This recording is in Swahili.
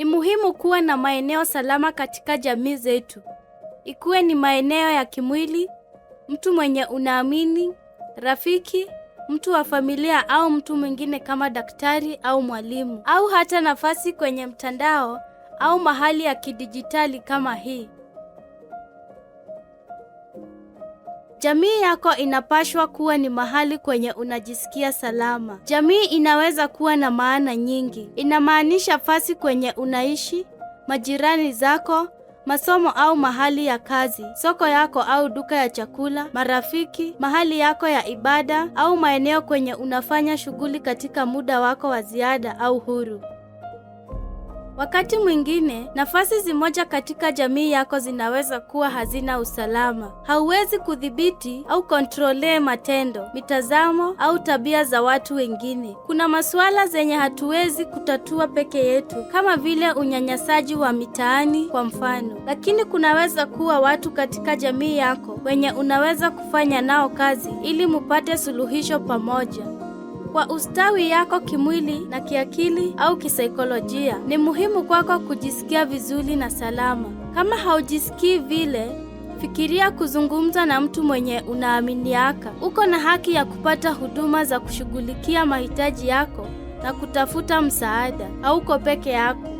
Ni muhimu kuwa na maeneo salama katika jamii zetu, ikuwe ni maeneo ya kimwili, mtu mwenye unaamini, rafiki, mtu wa familia au mtu mwingine kama daktari au mwalimu, au hata nafasi kwenye mtandao au mahali ya kidijitali kama hii. Jamii yako inapashwa kuwa ni mahali kwenye unajisikia salama. Jamii inaweza kuwa na maana nyingi. Inamaanisha fasi kwenye unaishi, majirani zako, masomo au mahali ya kazi, soko yako au duka ya chakula, marafiki, mahali yako ya ibada au maeneo kwenye unafanya shughuli katika muda wako wa ziada au huru. Wakati mwingine nafasi zimoja katika jamii yako zinaweza kuwa hazina usalama. Hauwezi kudhibiti au kontrole matendo, mitazamo au tabia za watu wengine. Kuna masuala zenye hatuwezi kutatua peke yetu, kama vile unyanyasaji wa mitaani kwa mfano, lakini kunaweza kuwa watu katika jamii yako wenye unaweza kufanya nao kazi ili mupate suluhisho pamoja kwa ustawi yako kimwili na kiakili au kisaikolojia. Ni muhimu kwako kujisikia vizuri na salama. Kama haujisikii vile, fikiria kuzungumza na mtu mwenye unaaminiaka. Uko na haki ya kupata huduma za kushughulikia mahitaji yako na kutafuta msaada. Hauko peke yako.